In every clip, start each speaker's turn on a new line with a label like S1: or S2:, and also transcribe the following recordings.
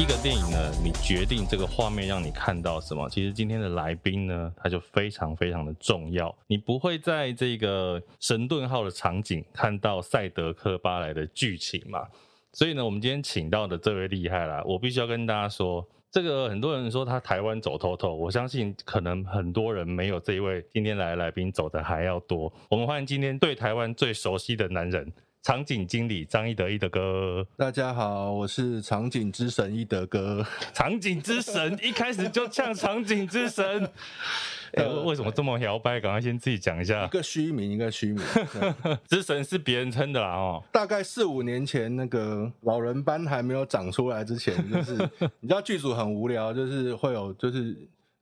S1: 一個電影呢，你決定這個畫面讓你看到什麼。其實今天的來賓呢，他就非常非常的重要。你不會在這個神盾號的場景看到賽德克巴萊的劇情嘛？所以呢，我們今天請到的這位厲害啦，我必須要跟大家說，這個很多人說他台灣走透透，我相信可能很多人沒有這一位今天來來賓走的還
S2: 要多。
S1: 我們歡迎今天對台灣最熟悉的男人。場景經理張一德。
S2: 一德哥，大家好，我是場景之神一德哥。場景之神，一開始就嗆場景之神，
S1: 為什麼這麼搖擺？趕快先自己講一下。一個虛名，一個虛名。 之神是別人稱的啦，哦。
S2: 大概四五年前，那個老人斑還沒有長出來之前，就是你知道劇組很無聊，就是會有就是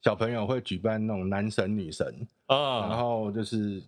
S2: 小朋友會舉辦那種男神女神啊，嗯、然後就是。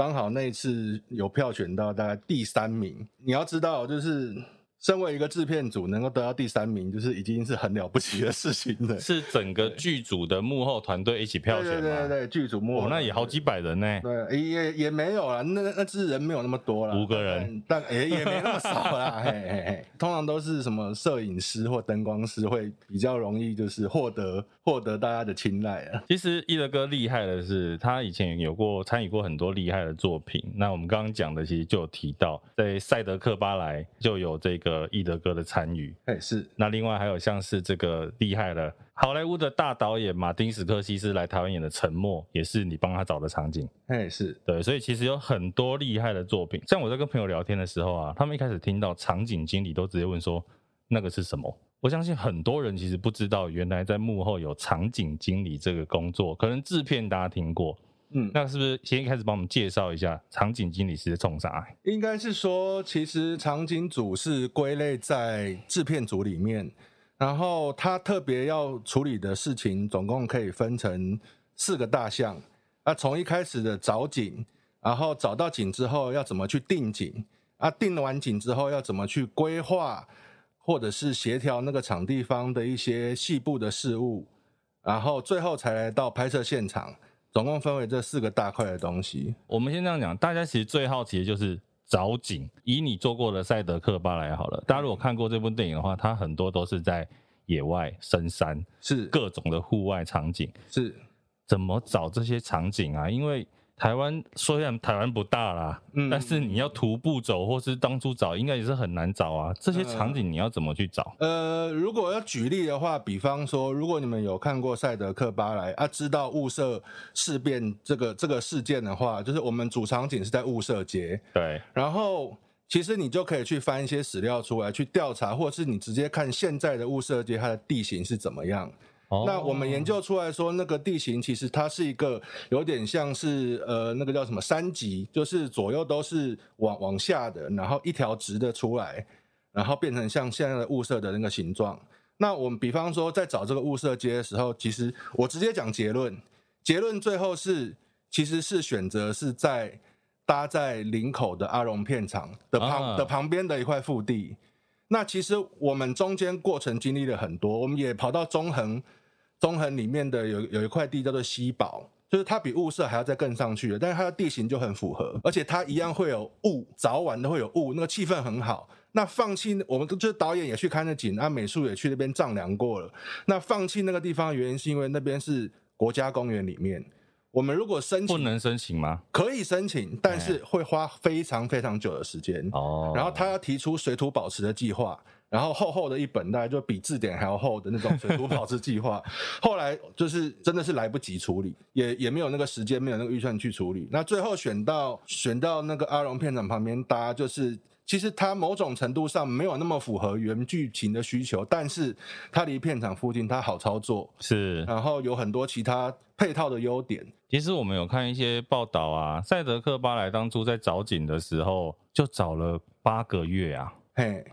S2: 剛好那一次有票選到大概第三名，你要知道就是。身為一個製片組，能夠得到第三名，就是已經是很了不起的事情了。
S1: 是整個劇組的幕後團隊一起票選
S2: 嗎？對對對，劇組幕後、哦、那也好
S1: 幾百人呢。
S2: 對，也也沒有啦，那那只是人沒有那麼多了。五個人，但也、欸、也沒那麼少啦。 嘿嘿嘿，通常都是什麼攝影師或燈光師會比較容易，就是獲得獲得大家的青睞啊。
S1: 其實一德哥厲害的是，他以前有過參與過很多厲害的作品。那我們剛剛講的其實就有提到，在賽德克巴萊就有這個。呃，一德哥的參與，是。那另外還有像是這個厲害的好萊塢的大導演馬丁史柯西斯來台灣演的《沉默》，也是你幫他找的場景，是。對，所以其實有很多厲害的作品。像我在跟朋友聊天的時候啊，他們一開始聽到場景經理，都直接問說那個是什麼。我相信很多人其實不知道，原來在幕後有場景經理這個工作，可能製片大家聽過。嗯，那是不是先一開始幫我們介紹一下場景經理是衝啥？
S2: 應該是說，其實場景組是歸類在制片組裡面，然後他特別要處理的事情，總共可以分成四個大項。那從一開始的找景，然後找到景之後要怎麼去定景啊，定完景之後要怎麼去規劃，或者是協調那個場地方的一些細部的事物，然後最後才來到拍攝現場。總共分為這四個大塊的東西。
S1: 我們先這樣講，大家其實最好奇的就是找景。以你做過的《賽德克巴萊》好了，大家如果看過這部電影的話，它很多都是在野外、深山，是各種的戶外場景。是，怎麼找這些場景啊？因為台灣雖然台灣不大啦，嗯，但是你要徒步走或是當初找，應該也是很難找啊。這些場景你要怎麼去找？
S2: 呃，呃，如果要舉例的話，比方說，如果你們有看過《賽德克巴萊》啊，知道霧社事變這個這個事件的話，就是我們主場景是在霧社街。對。然後，其實你就可以去翻一些史料出來，去調查，或是你直接看現在的霧社街，它的地形是怎麼樣。Oh. 那我們研究出來說，那個地形，其實它是一個有點像是呃，那個叫什麼山脊，就是左右都是往往下的，然後一條直的出來，然後變成像現在的霧社的那個形狀。那我們比方說在找這個霧社街的時候，其實我直接講結論，結論最後是其實是選擇是在搭在林口的阿榮片場的旁、oh. 的旁邊的一塊腹地。那其實我們中間過程經歷了很多，我們也跑到中橫中橫裡面的有有一塊地叫做西寶，就是它比霧社還要再更上去的。但是它的地形就很符合，而且它一樣會有霧，早晚都會有霧，那個氣氛很好。那放棄，我們就是導演也去看那景，那、啊、美術也去那邊丈量過了。那放棄那個地方的原因是因為那邊是國家公園裡面，我們如果申請不能申請嗎？可以申請，但是會花非常非常久的時間。哦然後他要提出水土保持的計劃。然後厚厚的一本，大概就比字典還要厚的那種《水土保持計劃》，後來就是真的是來不及處理，也也沒有那個時間，沒有那個預算去處理。那最後選到選到那個阿榮片廠旁邊搭，就是其實它某種程度上沒有那麼符合原劇情的需求，但是它離片場附近，它好操作，是。然後有很多其他配套的優點。
S1: 其實我們有看一些報道啊，賽德克巴萊當初在找景的時候，就找了八個月啊。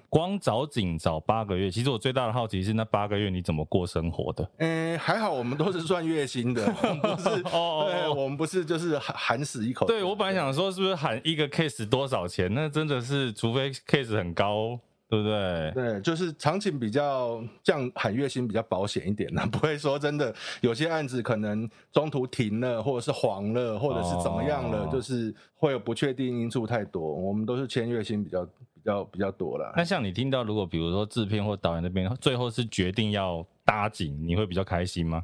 S1: 光找景找八個月，其實我最大的好奇是那八個月你怎麼過生活的？
S2: 誒、欸，還好我們都是算月薪的，我們不是 哦對，我們不是就是喊死一口。
S1: 對，我本來想說是不是喊一個 case 多少錢？那真的是除非 case 很高，對
S2: 不對？對，就是場景比較，像喊月薪比較保險一點呢，不會說真的有些案子可能中途停了，或者是黃了，或者是怎麼樣了，哦、就是會有不確定因素太多。我們都是簽月薪比較。要比，比較多了。
S1: 那像你聽到，如果比如說制片或導演那邊最後是決定要搭景，你會比較開心嗎？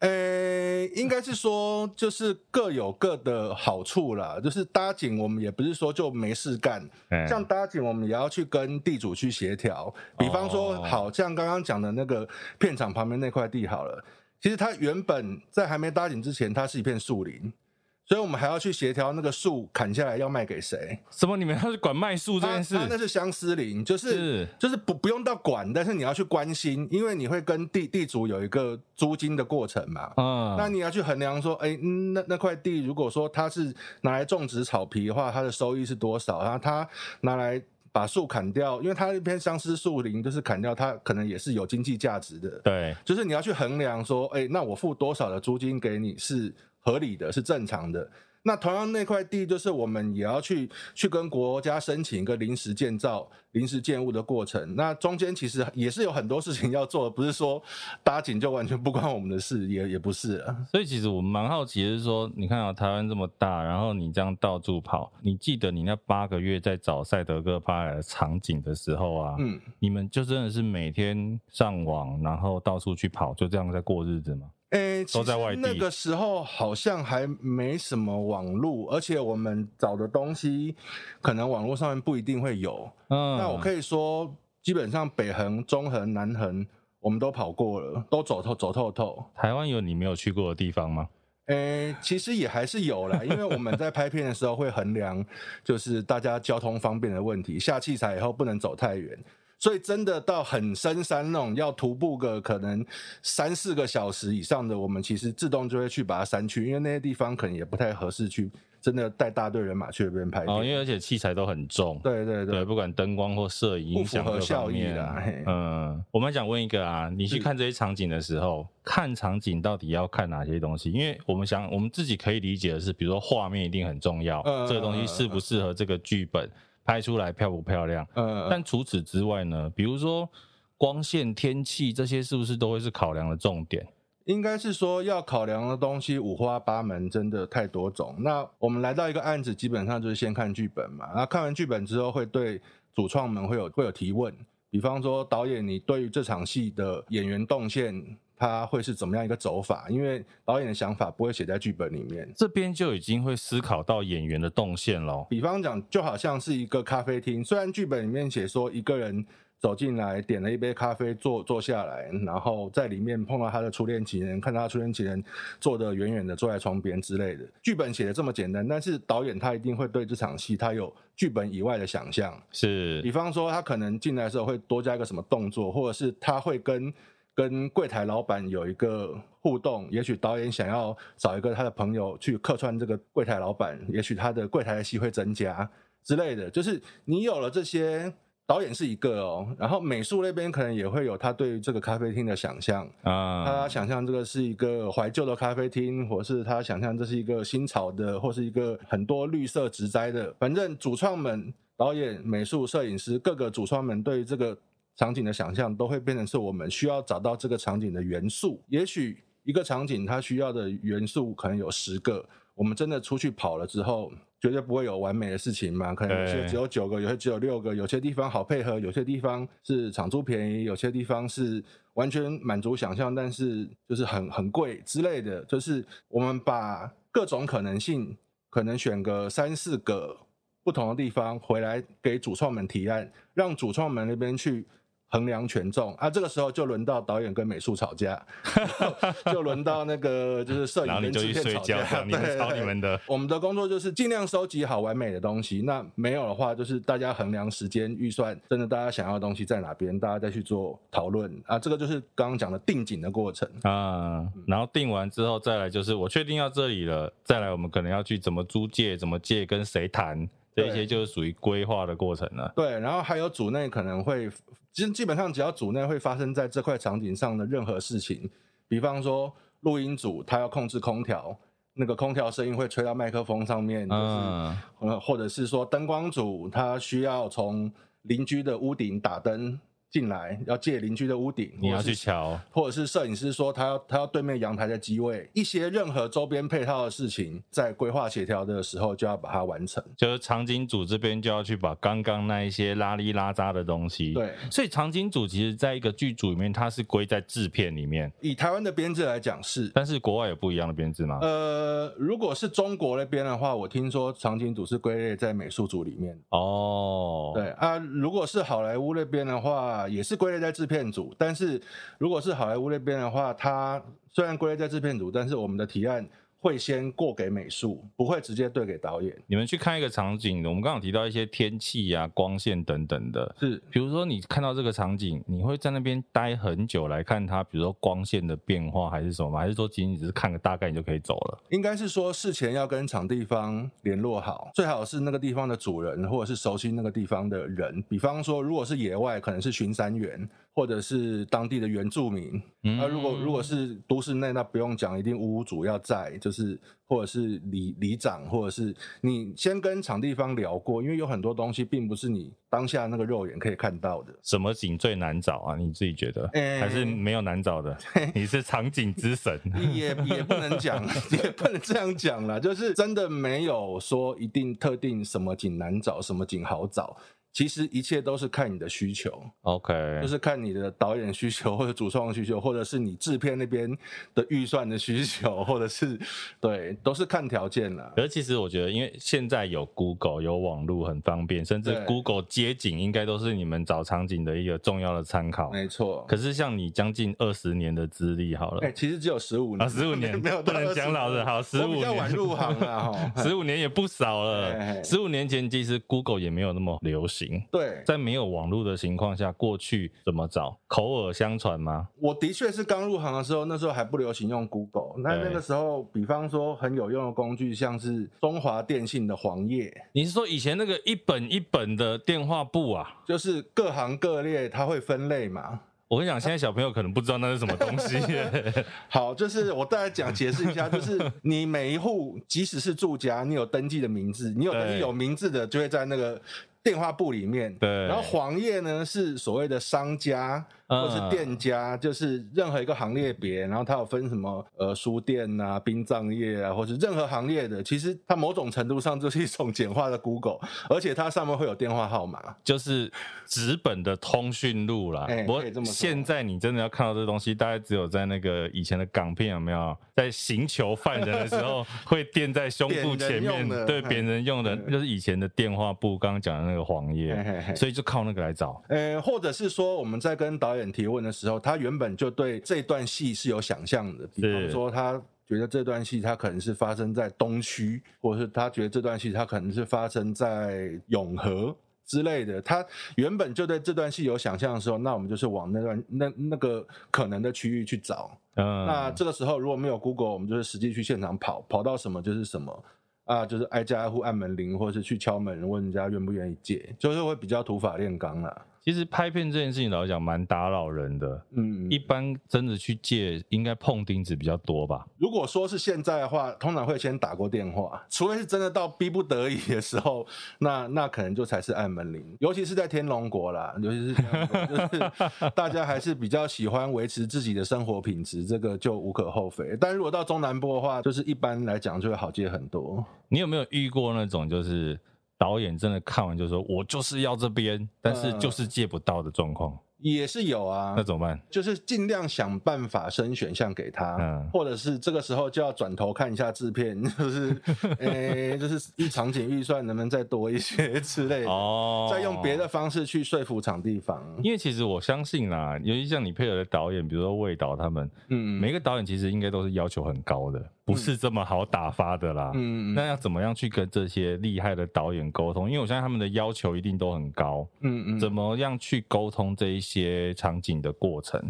S2: 誒、欸，應該是說就是各有各的好處啦。 就是搭景，我們也不是說就沒事幹。欸、像搭景，我們也要去跟地主去協調。哦、比方說，好像剛剛講的那個片場旁邊那塊地好了，其實它原本在還沒搭景之前，它是一片樹林。所以我們還要去協調那個樹砍下來要賣給誰？什麼？你們要去管賣樹這件事？他那是相思林，就是，是就是不不用到管，但是你要去關心，因為你會跟地地主有一個租金的過程嘛。嗯，那你要去衡量說，哎、欸，那那塊地如果說它是拿來種植草皮的話，它的收益是多少？然後它拿來把樹砍掉，因為它那片相思樹林就是砍掉，它可能也是有經濟價值的。對，就是你要去衡量說，哎、欸，那我付多少的租金給你是？合理的是正常的。那同樣那塊地，就是我們也要去去跟國家申請一個臨時建造、臨時建物的過程。那中間其實也是有很多事情要做的，不是說搭景就完全不關我們的事，也也不是。
S1: 所以其實我蠻好奇的，是說你看啊，台灣這麼大，然後你這樣到處跑，你記得你那八個月在找賽德克巴萊的場景的時候啊，嗯，你們就真的是每天上網，然後到處去跑，就這樣在過日
S2: 子嗎？誒、欸，其實那個時候好像還沒什麼網絡，而且我們找的東西，可能網絡上面不一定會有。嗯，那我可以說，基本上北橫、中橫、南橫，我們都跑過了，都走透、走透透。
S1: 台灣有你沒有去過的地方嗎？
S2: 誒、欸，其實也還是有啦，因為我們在拍片的時候會衡量，就是大家交通方便的問題，下器材以後不能走太遠。所以真的到很深山那種，要徒步個可能三四個小時以上的，我們其實自動就會去把它刪去，因為那些地方可能也不太合適去真的帶大隊人馬去那邊拍。哦，因
S1: 為而且器材都很重，對,對對對，對不管燈光或攝影或，不符合效益的、啊。嗯，我們想問一個啊，你去看這些場景的時候，是看場景到底要看哪些東西？因為我們想，我們自己可以理解的是，比如說畫面一定很重要，呃、這個東西適不適合這個劇本。呃呃呃拍出來漂不漂亮？嗯，但除此之外呢？比如說光線、天氣這些，是不是都會是考量的重點？
S2: 應該是說要考量的東西五花八門，真的太多種。那我們來到一個案子，基本上就是先看劇本嘛。那看完劇本之後，會對主創們會有會有提問，比方說導演，你對於這場戲的演員動線。他會是怎麼樣一個走法？因為導演的想法不會寫在劇本裡面，這邊就已經會思考到演員的動線嘍。比方講，就好像是一個咖啡廳，雖然劇本裡面寫說一個人走進來，點了一杯咖啡，坐坐下來，然後在裡面碰到他的初戀情人，看到他的初戀情人坐得遠遠的，坐在窗邊之類的。劇本寫得這麼簡單，但是導演他一定會對這場戲他有劇本以外的想象。是，比方說他可能進來的時候會多加一個什麼動作，或者是他會跟。跟櫃檯老板有一個互動，也許導演想要找一個他的朋友去客串這個櫃檯老闆，也許他的櫃檯的戲會增加之類的。就是你有了這些，導演是一個哦，然後美術那邊可能也會有他對於這個咖啡廳的想象啊，uh、他想象這個是一個懷舊的咖啡廳，或是他想象這是一個新潮的，或是一個很多綠色植栽的。反正主創們、導演、美術、攝影師，各個主創們對於這個。場景的想象都會變成是我們需要找到這個場景的元素。也許一個場景它需要的元素可能有十個，我們真的出去跑了之後，絕對不會有完美的事情嘛，可能有些只有九個，有些只有六個，有些地方好配合，有些地方是場租便宜，有些地方是完全滿足想象，但是就是很很貴之類的。就是我們把各種可能性，可能選個三四個不同的地方回來給主創們提案，讓主創們那邊去，衡量權重啊，這個時候就輪到導演跟美術吵架， 就輪到那個就是攝影。然後你就去睡覺，對你們吵你們的。我們的工作就是盡量收集好完美的東西。那沒有的話，就是大家衡量時間預算，真的大家想要的東西在哪邊，大家再去做討論啊。這個就是剛剛講的定景的過程啊。
S1: 嗯、然後定完之後再來就是我確定要這裡了，再來我們可能要去怎麼租借、怎麼借、跟誰談，這些就是屬於規劃的過程了。
S2: 對，然後還有組內可能會。其實基本上，只要組內會發生在這塊場景上的任何事情，比方說錄音組，他要控制空調，那個空調聲音會吹到麥克風上面，就是嗯，或者是說燈光組，他需要從鄰居的屋頂打燈。進來要借鄰居的屋頂，你要去瞧，或，或者是攝影師說他要他要對面陽台的機位，一些任何周邊配套的事情，在規劃協調的時候就要把它完成。
S1: 就是場景組這邊就要去把剛剛那一些拉里拉扎的東西。對，所以場景組其實在一個劇組裡面，它是歸在製片裡面。
S2: 以台灣的編
S1: 制來講是，但是國外有不一樣的編制嗎？
S2: 呃，如果是中國那邊的話，我聽說場景組是歸類在美術組裡面。哦，對啊，如果是好萊塢那邊的話。啊，也是歸類在制片組，但是如果是好萊塢那邊的話，它雖然歸類在制片組，但是我們的提案。會先過給美術，不會直接對給導演。
S1: 你們去看一個場景，我們剛好提到一些天氣啊、光線等等的。是，比如說你看到這個場景，你會在那邊待很久來看它，比如說光線的變化還是什麼嗎？還是說僅僅只是看個大概你就可以走了？
S2: 應該是說，事前要跟場地方聯絡好，最好是那個地方的主人或者是熟悉那個地方的人。比方說，如果是野外，可能是巡山員。或者是當地的原住民，那、嗯、如果如果是都市內，那不用講，一定屋、屋主要在，就是或者是里里長，或者是你先跟場地方聊過，因為有很多東西並不是你當下那個肉眼可以看到的。
S1: 什麼景最難找啊？你自己覺得，欸、還是沒有難找的？欸、你是場景
S2: 之神？也也不能講， 也不能這樣講啦，就是真的沒有說一定特定什麼景難找，什麼景好找。其實一切都是看你的需求，OK，就是看你的導演需求或者主創需求，或者是你制片那邊的預算的需求，或者是對，都是看條件了。
S1: 而其實我覺得，因為現在有 Google，有網絡很方便，甚至 Google 街景應該都是你們找場景的一個重要的參考。沒錯。對。可是像你將近二十年的資歷，好了，哎、欸，其實
S2: 只有十五年啊，十五年 沒有到不能講老的，好，十五年比較晚入行，十五 年也
S1: 不少了。十五嘿年前其實 Google 也沒有那麼流行。對，在沒有網路的情況下，過去怎麼找？口耳相傳嗎？
S2: 我的確是剛入行的時候，那時候還不流行用 Google。那那個時候，比方說很有用的工具，像是中華電信的黃頁。
S1: 你是說以前那個一本一本的電話簿啊？
S2: 就是各行各列，它會分類嘛？我跟你講，現在小朋友可能不知道那是什麼東西。 好，就是我大概講解釋一下，就是你每一戶，即使是住家，你有登記的名字，你有登記有名字的，就會在那個。電話簿裡面，對，然後黃頁呢是所謂的商家或是店家，嗯、就是任何一個行列別，然後它有分什麼呃書店啊、殯葬業啊，或是任何行業的，其實它某種程度上就是一種簡化的 Google，而且它上面會有電話號碼，
S1: 就是紙本的通訊錄啦，欸、不過，現在你真的要看到這東西，大概只有在那個以前的港片有沒有？在刑求犯人的時候，會墊在胸部前面，對別人用的，用的欸、就是以前的電話簿，剛剛講的。那個黃頁，嘿嘿嘿，所以就靠那個來找。
S2: 呃，或者是說我們在跟導演提問的時候，他原本就對這段戲是有想象的，比方說他覺得這段戲它可能是發生在東區，或者是他覺得這段戲它可能是發生在永和之類的。他原本就對這段戲有想象的時候，那我們就是往那段那那個可能的區域去找。嗯，那這個時候如果沒有 Google，我們就是實際去現場跑，跑到什麼就是什麼。啊，就是挨家挨戶按門鈴，或是去敲門問人家願不願意借，就是會比較土法煉鋼啦。其實
S1: 拍片這件事情，老實講蠻打擾人的。嗯，嗯，一般真的去借，應該碰釘子比較多吧。
S2: 如果說是現在的話，通常會先打過電話，除非是真的到逼不得已的時候，那那可能就才是按門鈴。尤其是在天龍國啦，尤其是天龍國 就是大家還是比較喜歡維持自己的生活品質，這個就無可厚非。但如果到中南部的話，就是一般來講就會好借很多。
S1: 你有沒有遇過那種就是？導演真的看完就說，我就是要這邊，但是就是借不到
S2: 的狀況、嗯、也是有啊。那怎麼辦？就是盡量想辦法生選項給他，嗯、或者是這個時候就要轉頭看一下制片，就是誒、 欸，就是一場景預算能不能再多一些之類的。哦、再用別的方式去說服場地
S1: 方。因為其實我相信啦，尤其像你配合的導演，比如說魏導他們，嗯，每個導演其實應該都是要求很高的。不是這麼好打發的啦。嗯嗯，嗯嗯，那要怎麼樣去跟這些厲害的導演溝通？因為我相信他們的要求一定都很高。嗯嗯，嗯，怎麼樣去溝通這一些場景的過程？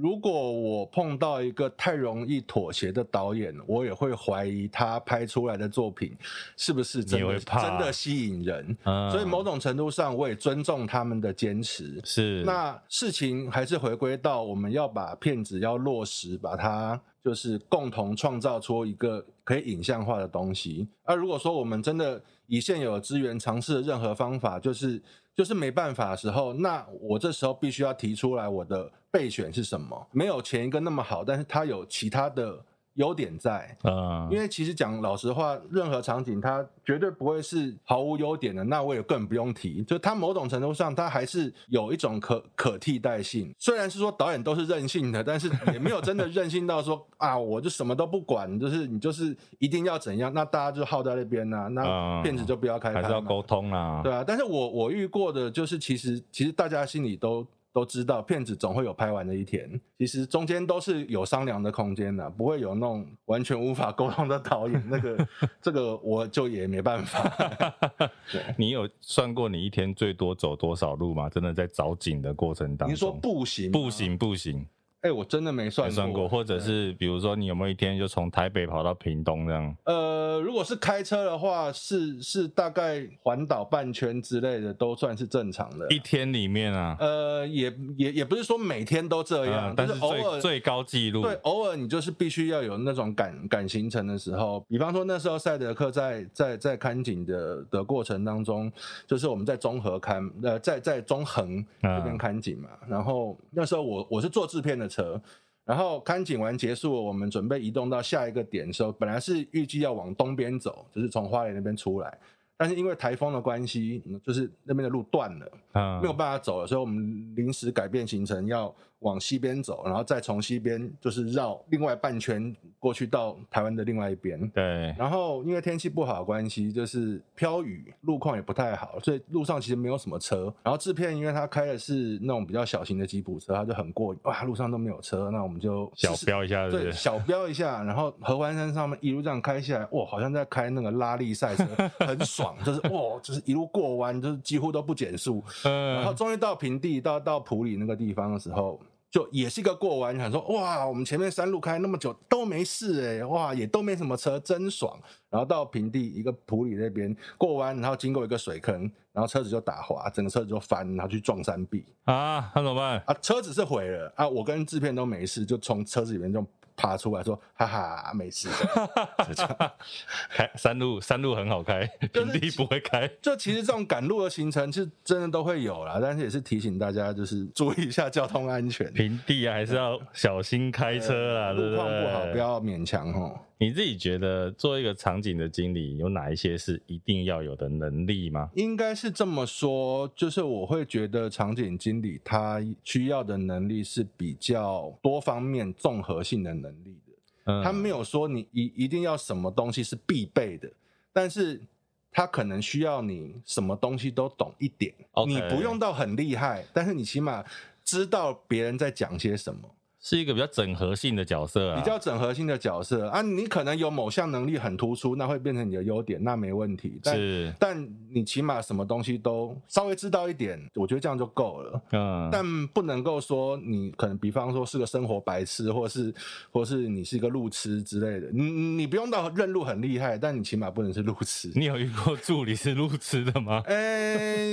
S2: 如果我碰到一個太容易妥協的導演，我也會懷疑他拍出來的作品是不是真的、啊、真的吸引人。嗯、所以某種程度上，我也尊重他們的堅持。是。那事情還是回歸到我們要把片子要落實，把它。就是共同創造出一個可以影像化的東西。而如果說我們真的以現有的資源嘗試了任何方法，就是就是沒辦法的時候，那我這時候必須要提出來我的備選是什麼？沒有前一個那麼好，但是它有其他的。優點在啊，因為其實講老實話，任何場景它絕對不會是毫無優點的，那我也更不用提。就它某種程度上，它還是有一種可可替代性。雖然是說導演都是任性的，但是也沒有真的任性到說 啊，我就什麼都不管，就是你就是一定要怎樣，那大家就耗在那邊呢、啊，那片子就不要開，還是要溝通啊，對啊。但是我我遇過的就是，其實其實大家心裡都。都知道片子總會有拍完的一天，其實中間都是有商量的空間的，不會有那種完全無法溝通的導演。 那個這個我就也沒辦法。
S1: 對你有算過你一天最多走多少路嗎？真的在找景的過程當中，你說步行，行，步行，步行。
S2: 哎、欸，我真的沒算過、算過，
S1: 或者是比如說你有沒有一天就從台北跑到屏東這樣？
S2: 呃，如果是開車的話，是是大概環島半圈之類的，都算是正常的，啊。一天裡面啊，呃，也也也不是說每天都這樣，啊、但是，是偶爾最、最高記錄，對，偶爾你就是必須要有那種趕趕行程的時候，比方說那時候賽德克在在在勘景的的過程當中，就是我們在中橫勘，呃，在在中橫這邊勘景嘛，啊、然後那時候我我是做制片的，車，然後勘景完結束了，我們準備移動到下一個點的時候，本來是預計要往東邊走，就是從花蓮那邊出來，但是因為台風的關係，就是那邊的路斷了，啊，沒有辦法走了，所以我們臨時改變行程要。往西邊走，然後再從西邊，就是繞另外半圈過去到台灣的另外一邊。對。然後因為天氣不好的關係，就是飄雨，路況也不太好，所以路上其實沒有什麼車。然後制片因為他開的是那種比較小型的吉普車，他就很過癮，哇，路上都沒有車，那我們就試試小飆一下是不是，對，小飆一下。然後合歡山上面一路這樣開下來，哇，好像在開那個拉力賽車， 很爽，就是哇，就是一路過彎，就是幾乎都不減速。嗯。然後終於到平地，到到埔里那個地方的時候。就也是一個過彎，你想說哇，我們前面山路開那麼久都沒事誒、欸，哇也都沒什麼車，真爽。然後到平地一個埔里那邊過彎，然後經過一個水坑，然後車子就打滑，整個車子就翻，然後去撞山壁啊，那怎麼辦啊？車子是毀了啊，我跟製片都沒事，就從車子裡面就。爬出來說：“哈哈，沒事
S1: 的，開 山路，山路很好開，
S2: 平地不會開。就其實這種趕路的行程是真的都會有啦，但是也是提醒大家，就是注意一下交通安全。平地還是要
S1: 小心開車啊，對對，路況不好不要
S2: 勉強哦。
S1: 你自己覺得做一個場景的經理有哪一些是一定要有的能力嗎？
S2: 應該是這麼說，就是我會覺得場景經理他需要的能力是比較多方面綜合性的能力的。嗯。他沒有說你一一定要什麼東西是必備的，但是他可能需要你什麼東西都懂一點。Okay. 你不用到很厲害，但是你起碼知道別人在講些什麼。
S1: 是一個比較整合性的角色啊，比較
S2: 整合性的角色啊，你可能有某項能力很突出，那會變成你的優點，那沒問題。但是，但你起碼什麼東西都稍微知道一點，我覺得這樣就夠了。嗯，但不能夠說你可能，比方說是個生活白痴，或是，或是你是一個路痴之類的。你你不用到認路很厲害，但你起碼不能是路痴。你有一個助理是路痴的嗎？哎、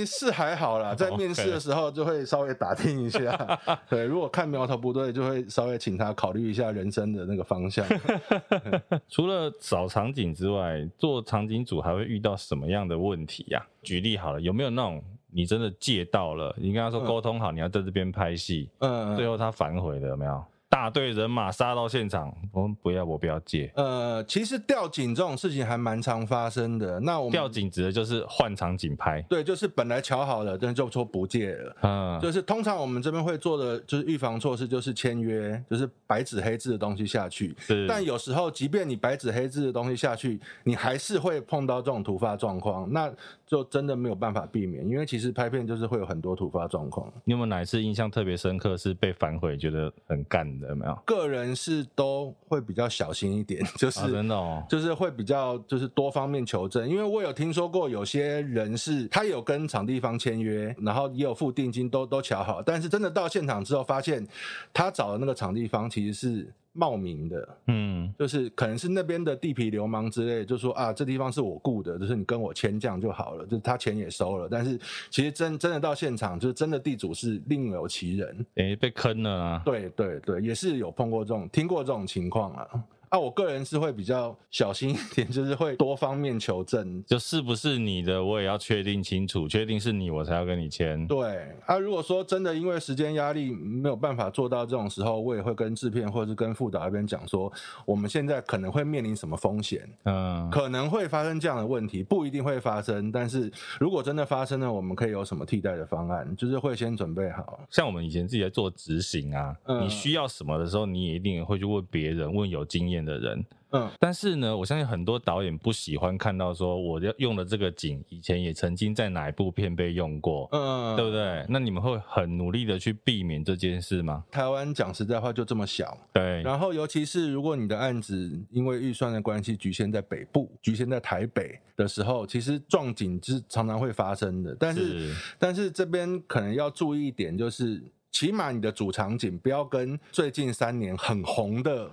S2: 欸，是還好啦。在面試的時候就會稍微打聽一下。Oh, okay. 對，如果看苗頭不對，就會。稍微請他考慮一下人生的那個方向。
S1: 除了找場景之外，做場景組還會遇到什麼樣的問題呀、啊？舉例好了，有沒有那種你真的借到了，你跟他說溝通好，嗯、你要在這邊拍戲，嗯，最後他反悔了，有沒有？大隊人馬殺到現場，我們不要，我不要借。
S2: 呃，其實掉景這種事情還蠻常發生的。那我們掉景指的就是換場景拍，對，就是本來喬好了，但是就說不借了。嗯，就是通常我們這邊會做的就是預防措施，就是簽約，就是白紙黑字的東西下去。是但有時候，即便你白紙黑字的東西下去，你還是會碰到這種突發狀況。那就真的沒有辦法避免，因為其實拍片就是會有很多突發狀況。你有沒有哪一
S1: 次印象特別深刻是被反悔，覺得很幹的有沒有？
S2: 個人是都會比較小心一點，就是、啊、真的、哦，就是會比較就是多方面求證。因為我有聽說過有些人是他有跟場地方簽約，然後也有付定金都，都都喬好，但是真的到現場之後發現，他找的那個場地方其實是。冒名的，嗯，就是可能是那邊的地痞流氓之類，就說啊，這地方是我雇的，就是你跟我簽這樣就好了，就是他錢也收了，但是其實真真的到現場，就是真的地主是另有其人，
S1: 哎、欸，被坑
S2: 了啊！對對對，也是有碰過這種，聽過這種情況啊。那、啊、我個人是會比較小心一點，就是會多方面求證，
S1: 就是不是你的我也要確定清楚，確定是你我才要跟你簽。
S2: 對，啊，如果說真的因為時間壓力沒有辦法做到這種時候，我也會跟制片或者是跟副導那邊講說，我們現在可能會面臨什麼風險，嗯，可能會發生這樣的問題，不一定會發生，但是如果真的發生了，我們可以有什麼替代的方案？就是會先準備好，
S1: 像我們以前自己在做執行啊，嗯、你需要什麼的時候，你也一定會去問別人，問有經驗的的人，嗯，但是呢，我相信很多導演不喜歡看到說我要用的這個景，以前也曾經在哪一部片被用過，嗯，對不對？那你們會很努力的
S2: 去避免這件事嗎？台灣講實在話就這麼小，對。然後尤其是如果你的案子因為預算的關係局限在北部，局限在台北的時候，其實撞景是常常會發生的。但是，是。但是這邊可能要注意一點，就是起碼你的主場景不要跟最近三年很紅的。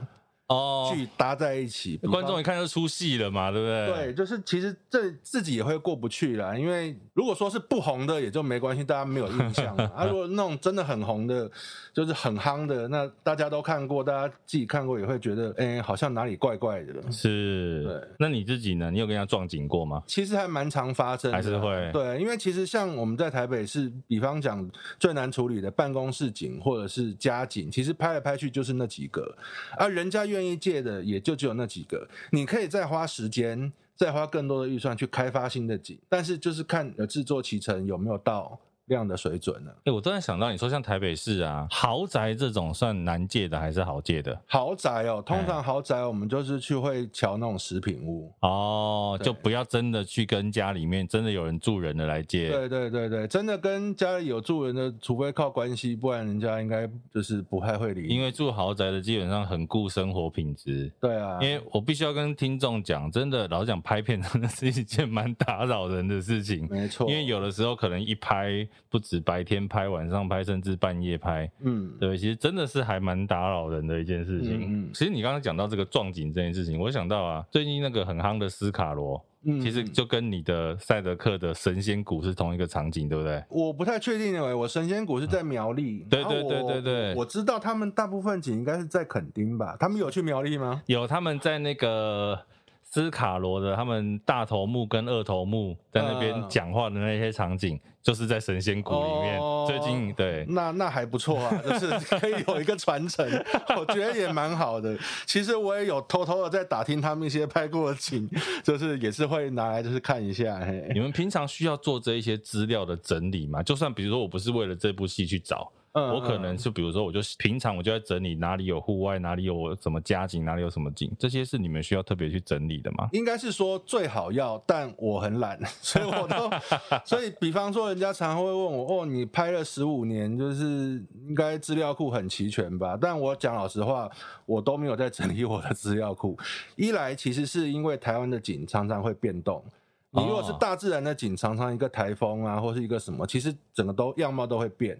S2: 哦，去搭在一起，哦、方觀眾一看
S1: 就出戲了嘛，對不
S2: 對？對，就是其實這自己也會過不去啦，因為。如果說是不紅的，也就沒關係，大家沒有印象。啊，如果那種真的很紅的， 就是很夯的，那大家都看過，大家自己看過也會覺得，哎、欸，好像哪裡怪怪的。
S1: 是，對那你自己呢？你有跟人家撞景過嗎？
S2: 其實還蠻常發生，還是會。對，因為其實像我們在台北是，比方講最難處理的辦公室景或者是家景，其實拍來拍去就是那幾個，而、啊、人家願意借的也就只有那幾個。你可以再花時間。再花更多的預算去開發新的景，但是就是看呃製作期程有沒有到。這樣的水準呢？
S1: 哎、欸，我突然想到，你說像台北市啊，豪宅這種算難借的還是好借的？
S2: 豪宅哦、喔，通常豪宅我們就是去會喬那種食品屋
S1: 哦，就不要真的去跟家裡面真的有人住人的來借。
S2: 對對對對，真的跟家裡有住人的，除非靠關係，不然人家應該就是不太會理。
S1: 因為住豪宅的基本上很顧生活品質。
S2: 對啊，因
S1: 為我必須要跟聽眾講，真的老實講拍片，真的是一件蠻打擾人的事情。沒錯錯，因為有的時候可能一拍。不止白天拍、晚上拍、甚至半夜拍，嗯，對，其實真的是還蠻打擾人的一件事情。嗯，嗯，其實你剛剛講到這個撞景這件事情，我想到啊，最近那個很夯的斯卡羅，嗯，嗯，其實就跟你的賽德克的神仙谷是同一個場景，對不對？
S2: 我不太確定，因為我神仙谷是在苗栗，嗯、對對對對對、啊我，我知道他們大部分景應該是在墾丁吧？他們有去苗栗嗎？
S1: 有，他們在那個斯卡羅的，他們大頭目跟二頭目在那邊講話的那些場景。呃就是在神仙谷裡面，oh, 最近對，
S2: 那那還不錯啊，就是可以有一個傳承， 我覺得也蠻好的。其實我也有偷偷的在打聽他們一些拍過的景，就是也是會拿來就是看一下。嘿，
S1: 你們平常需要做這一些資料的整理嗎？就算比如說我不是為了這部戲去找。嗯嗯，我可能是比如說，我就平常我就在整理哪裡有戶外，哪裡有什麼家景，哪裡有什麼景，這些是你們需要特別去整理的嗎？
S2: 應該是說最好要，但我很懶，所以我都 所以，比方說，人家常常會問我，哦，你拍了十五年，就是應該資料庫很齊全吧？但我講老實話，我都沒有在整理我的資料庫。一來其實是因為台灣的景常常會變動，你如果是大自然的景，常常一個台風啊，哦，或是一個什麼，其實整個都樣貌都會變。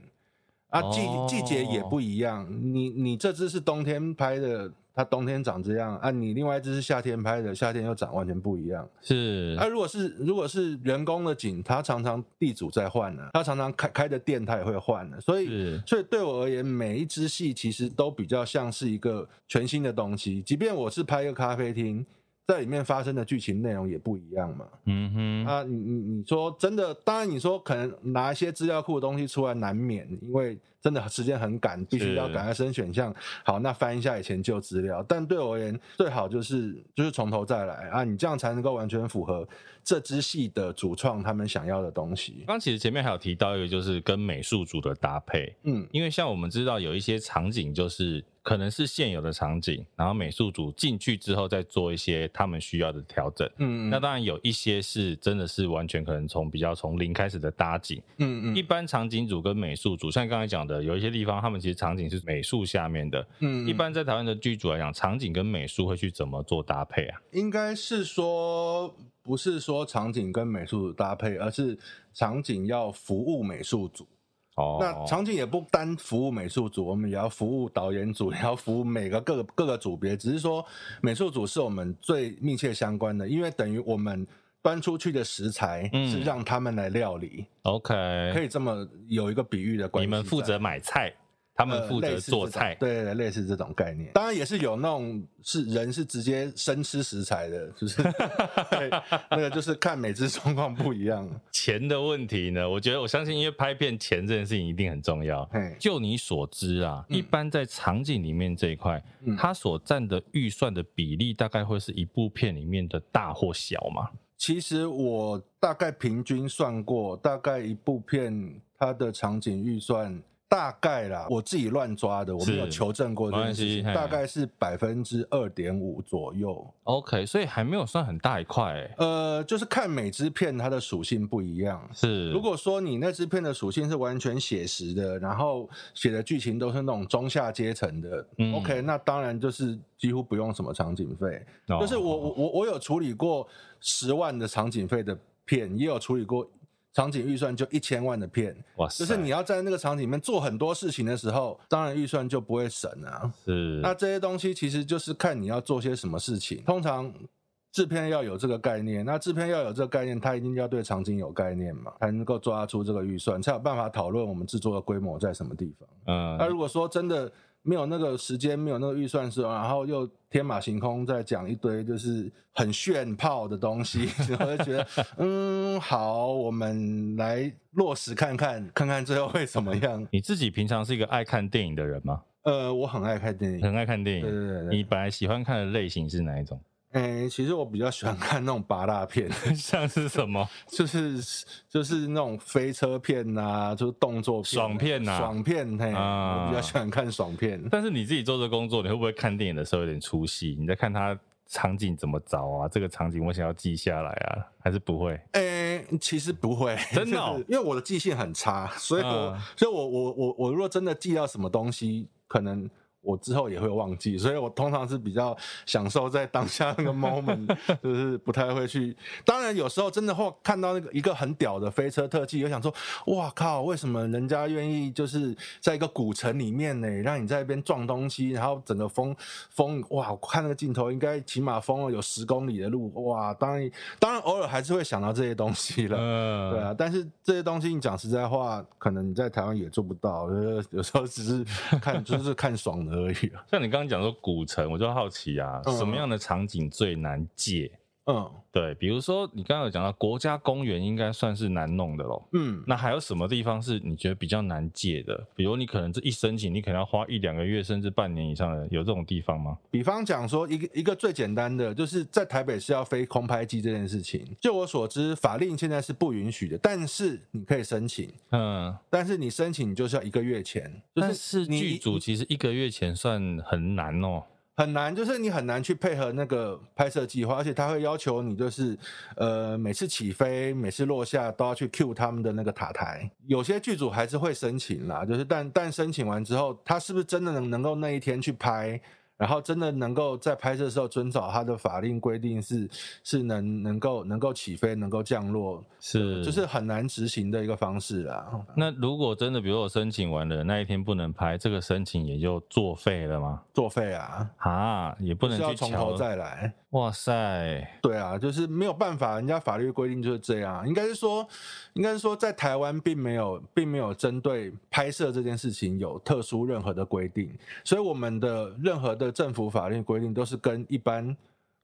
S1: 啊，季季節也不一
S2: 樣。你你這只，是冬天拍的，它冬天長這樣啊。你另外一只是夏天拍的，夏天又長完全不一樣。是。啊，如果是如果是人工的景，它常常地主在換呢、啊，它常常開開的店它也會換呢、啊。所以是所以對我而言，每一支戲其實都比較像是一個全新的東西，即便我是拍一個咖啡廳。在裡面發生的劇情內容也不一樣嘛，嗯哼，啊，你你你說真的，當然你說可能拿一些資料庫的東西出來，難免因為。真的時間很趕，必須要趕快升選項。是好，那翻一下以前舊資料。但對我而言，最好就是就是從頭再來啊！你這樣才能夠完全符合這支戲的主創他們想要的東西。
S1: 剛其實前面還有提到一個，就是跟美術組的搭配。嗯，因為像我們知道有一些場景，就是可能是現有的場景，然後美術組進去之後再做一些他們需要的調整。嗯,嗯。那當然有一些是真的是完全可能從比較從零開始的搭景。嗯嗯。一般場景組跟美術組，像剛才講。有一些地方，他們其實場景是美術下面的。嗯，一般在台灣的劇組來講，場景跟美術會去怎麼做搭配啊？
S2: 應該是說，不是說場景跟美術搭配，而是場景要服務美術組。哦，那場景也不單服務美術組，我們也要服務導演組，也要服務每個各個各個組別。只是說美術組是我們最密切相關的，因為等於我們。搬出去的食材是讓他們來料理，OK，、嗯、可以這麼有一個比喻的關係。你們負責買菜，他們負責做菜，呃、類對,對,對類似這種概念。當然也是有那種是人是直接生吃食材的，就是 那個就是看每次狀況不一樣。
S1: 錢的問題呢？我覺得我相信，因為拍片錢這件事情一定很重要。嘿就你所知啊，嗯、一般在場景裡面這一塊，嗯、它所占的預算的比例大概會是一部片裡面的大或小嘛？
S2: 其實我大概平均算過，大概一部片它的場景預算。大概啦，我自己亂抓的，我沒有求證過這件事情，是大概是百分之二點五左右。OK，所以還沒有算很大一塊欸。呃，就是看每支片它的屬性不一樣。是，如果說你那支片的屬性是完全寫實的，然後寫的劇情都是那種中下階層的，嗯、，OK，那當然就是幾乎不用什麼場景費。哦，就是我我我有處理過十萬的場景費的片，也有處理過。場景預算就一千萬的片，哇塞，就是你要在那個場景裡面做很多事情的時候，當然預算就不會省啊。是。那這些東西其實就是看你要做些什麼事情。通常製片要有這個概念，那製片要有這個概念，他一定就要對場景有概念嘛，才能夠抓出這個預算，才有辦法討論我們製作的規模在什麼地方。嗯。那如果說真的。沒有那個時間，沒有那個預算的時候，然後又天馬行空，在講一堆就是很炫炮的東西，我就覺得， 嗯，好，我們來落實看看，看看最後會怎麼樣。你自己平
S1: 常是一個愛看電影的人嗎？
S2: 呃，我很愛看電影，很愛看電影。對，對對對。你
S1: 本來喜歡看的類
S2: 型是哪一種？欸、其實我比較喜歡看那種芭樂片， 像是什麼，就是就是那種飛車片啊，就是動作片爽片啊，爽片。嘿、欸嗯、我比較喜歡看爽片。
S1: 但是你自己做這個工作，你會不會看電影的時候有點出戲？你在看它場景怎麼找啊？這個場景我想要記下來啊，還是不會？欸、
S2: 其實不會，真的、哦，因為我的記性很差，所以我，嗯、所以我，我，我，我如果真的記到什麼東西，可能。我之後也會忘記，所以我通常是比較享受在當下那個 moment， 就是不太會去。當然有時候真的會看到那個一個很屌的飛車特技，有想說哇靠，為什麼人家願意就是在一個古城裡面呢？讓你在那邊撞東西，然後整個風風哇，我看那個鏡頭應該起碼封了有十公里的路哇。當然當然偶爾還是會想到這些東西了，對啊。但是這些東西你講實在話，可能你在台灣也做不到，就是、有時候只是看就是看爽
S1: 的。可以。像你剛剛講說古城，我就好奇啊，什麼樣的場景最難借？嗯嗯，對，比如說你剛剛有講到國家公園，應該算是難弄的嘍。嗯，那還有什麼地方是你覺得比較難借的？比如你可能這一申請，你可能要花一兩個月，甚至半年以上的，有這種地方嗎？
S2: 比方講說，一個一個最簡單的，就是在台北是要飛空拍機這件事情。就我所知，法令現在是不允許的，但是你可以申請。嗯，但是你申請，你就是要一個月前。
S1: 但是，你就是劇組其實一個月前算很難哦。
S2: 很難，就是你很難去配合那個拍攝計劃，而且他會要求你就是，呃，每次起飛、每次落下都要去 Cue 他們的那個塔台。有些劇組還是會申請啦，就是但但申請完之後，他是不是真的能能夠那一天去拍？然後真的能夠在拍攝的時候遵照他的法令規定，是是能能夠能夠起飛能夠降落，是就是很難執行的一個方式啊。
S1: 那如果真的，比如說我申請完了，那一天不能拍，這個申請也就作廢了嗎？作廢啊！啊，也不能需要從頭再來。
S2: 哇塞！對啊，就是沒有辦法，人家法律規定就是這樣。應該是說，應該是說，在台灣並沒有並沒有針對拍攝這件事情有特殊任何的規定，所以我們的任何的。政府法律規定都是跟一般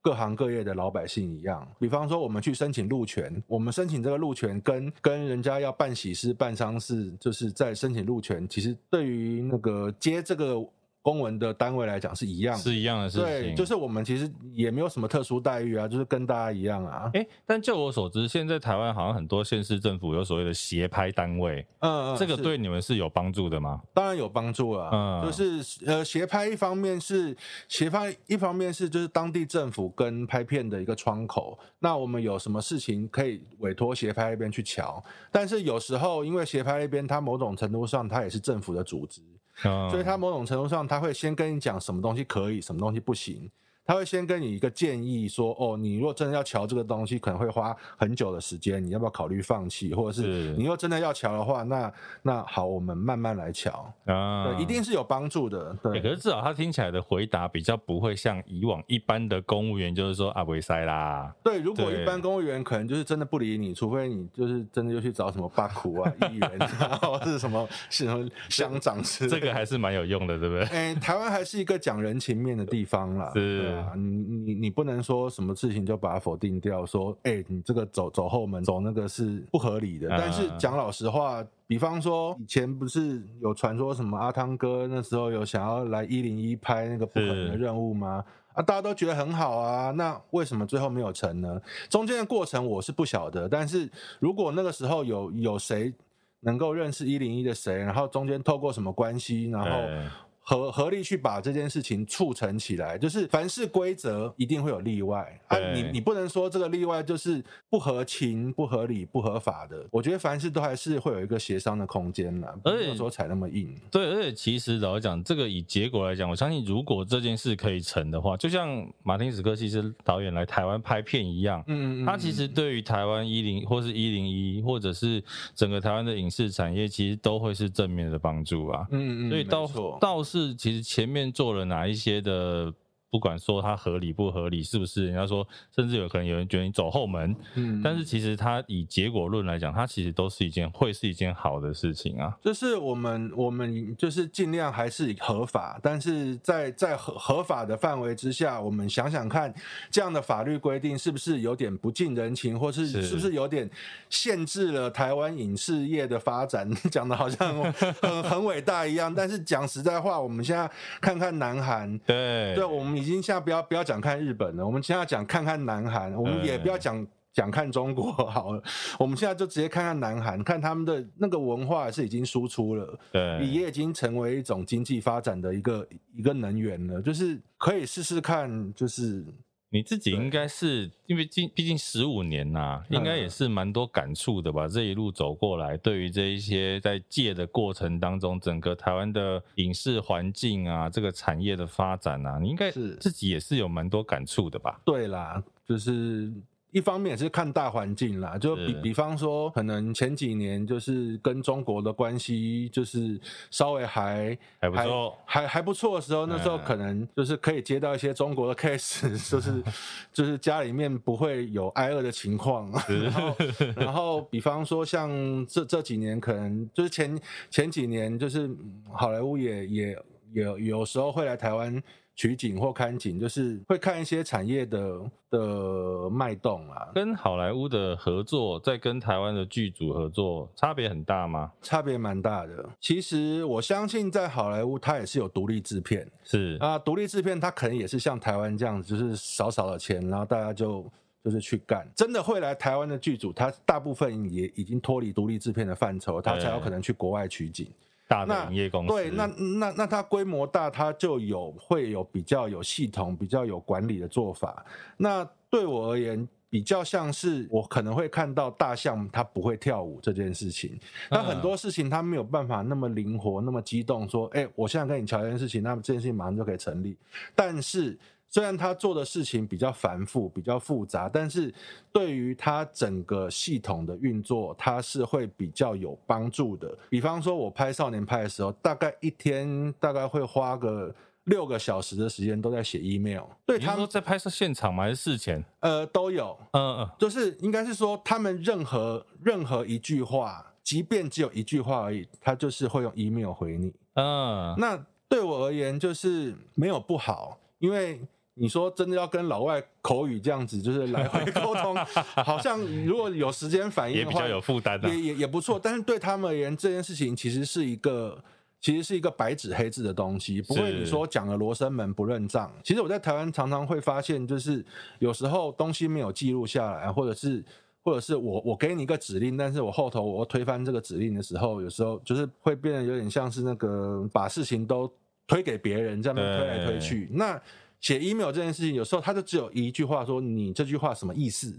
S2: 各行各業的老百姓一樣，比方說我們去申請路權，我們申請這個路權跟跟人家要辦喜事、辦喪事，就是在申請路權，其實對於那個接這個公文的單位來講是一樣，是一樣的事情。對，就是我們其實也沒有什麼特殊待遇啊，就是跟大家一樣啊。哎、欸，
S1: 但就我所知，現在台灣好像很多縣市政府有所謂的協拍單位，嗯，嗯，這個對你們是有幫助的嗎？
S2: 當然有幫助了、啊，嗯、就是呃，協拍一方面是協拍，一方面是就是當地政府跟拍片的一個窗口。那我們有什麼事情可以委託協拍那邊去喬？但是有時候因為協拍那邊，它某種程度上它也是政府的組織。 所以他某種程度上，他會先跟你講什麼東西可以，什麼東西不行。他會先跟你一個建議說，哦，你若真的要瞧這個東西，可能會花很久的時間，你要不要考慮放棄？或者是你若真的要瞧的話，那那好，我們慢慢來瞧
S1: 啊，對，一定
S2: 是有幫助的。對、
S1: 欸，可是至少他聽起來的回答比較不會像以往一般的公務員，就是說阿不會塞啦。對，如果一般
S2: 公務員可能就是真的不理你，除非你就是真的又去找什麼巴苦啊議員啊，或者 什麼什麼鄉長之類的，這個還是蠻有用的，對不對？哎、欸，台灣還是一個講人情面的地方啦。是。對啊，你你你不能說什麼事情就把它否定掉，說，哎、欸，你這個走走後門走那個是不合理的。但是講老實話，比方說以前不是有傳說什麼阿湯哥那時候有想要來一零一拍那個不可能的任務嗎？是啊，大家都覺得很好啊，那為什麼最後沒有成呢？中間的過程我是不曉得，但是如果那個時候有有誰能夠認識一零一的誰，然後中間透過什麼關係，然後。合合力去把這件事情促成起來，就是凡事規則一定會有例外對啊，你！你你不能說這個例外就是不合情、不合理、不合法的。我覺得凡事都還是會有一個協商的空間啦。而且說踩那麼硬，對，
S1: 而且其實老實講，這個以結果來講，我相信如果這件事可以成的話，就像馬丁史柯西斯導演來台灣拍片一樣，嗯嗯，嗯他其實對於台灣一零或是一零一，或者是整個台灣的影視產業，其實都會是正面的幫助啊、嗯。嗯嗯，所以到到。是，其實前面做了哪一些的，不管說它合理不合理，是不是人家說，甚至有可能有人覺得你走後門，嗯，但是其實他以結果論來講，他其實都是一件會是一件好的事情啊。
S2: 就是我們我們就是儘量還是合法，但是在在合合法的範圍之下，我們想想看，這樣的法律規定是不是有點不近人情，或是是，是不是有點限制了台灣影視業的發展？你講 的好像很很偉大一樣， 但是講實在話，我們現在看看南韓，對，對我們。已經現在不要不要講看日本了，我們現在講看看南韓，我們也不要講對講看中國好了，我們現在就直接看看南韓，看他們的那個文化是已經輸出了，對也已經成為一種經濟發展的一個一個能源了，就是可以試試看，就是。你
S1: 自己應該是因為近畢竟十五年吶、啊，應該也是蠻多感觸的吧。這一路走過來，對於這一些在借的過程當中，整個台灣的影視環境啊，這個產業的發展啊，你應該是自己也是有蠻多感觸的吧。
S2: 對啦，就是。一方面也是看大環境啦，就比比方說，可能前幾年就是跟中國的關係就是稍微還還不錯，還還不錯的時候，那時候可能就是可以接到一些中國的 case，就是就是家裡面不會有挨餓的情況。
S1: 然後，然後
S2: 比方說像這這幾年，可能就是前前幾年，就是好萊塢也也也有時候會來台灣。取景或看景，就是會看一些產業的的脈動啊。
S1: 跟好萊塢的合作，在跟台灣的劇組合作，差別很大嗎？
S2: 差別蠻大的。其實我相信，在好萊塢它也是有獨立製片，是啊，獨立製片它可能也是像台灣這樣子，就是少少的錢，然後大家就就是去幹。真的會來台灣的劇組，它大部分也已經脫離獨立製片的範疇，它才有可能去國外取景。大的營業公司，對，那那那它規模大，它就有會有比較有系統、比較有管理的做法。那對我而言，比較像是我可能會看到大象它不會跳舞這件事情。那很多事情它沒有辦法那麼靈活、那麼激動，說，哎、嗯欸，我現在跟你喬一件事情，那麼這件事情馬上就可以成立。但是。雖然他做的事情比較繁複、比較複雜，但是對於他整個系統的運作，他是會比較有幫助的。比方說，我拍少年派的時候，大概一天大概會花個六個小時的時間都在寫 email。對，他說在
S1: 拍攝現場嗎？還是事前？
S2: 呃，都有。嗯嗯，嗯就是應該是說，他們任何任何一句話，即便只有一句話而已，他就是會用 email 回你。嗯，那對我而言就是沒有不好，因為。你說真的要跟老外口語這樣子，就是來回溝通，好像如果有時間反應的話也比較有負擔。也也也不錯，但是對他們而言，這件事情其實是一個其實是一個白紙黑字的東西。不會你說講了羅生門不認賬，其實我在台灣常常會發現，就是有時候東西沒有記錄下來，或者是或者是我我給你一個指令，但是我後頭我推翻這個指令的時候，有時候就是會變得有點像是那個把事情都推給別人，這樣子推來推去。那寫 email 這件事情，有時候他就只有一句話說：“你這句話什麼意思？”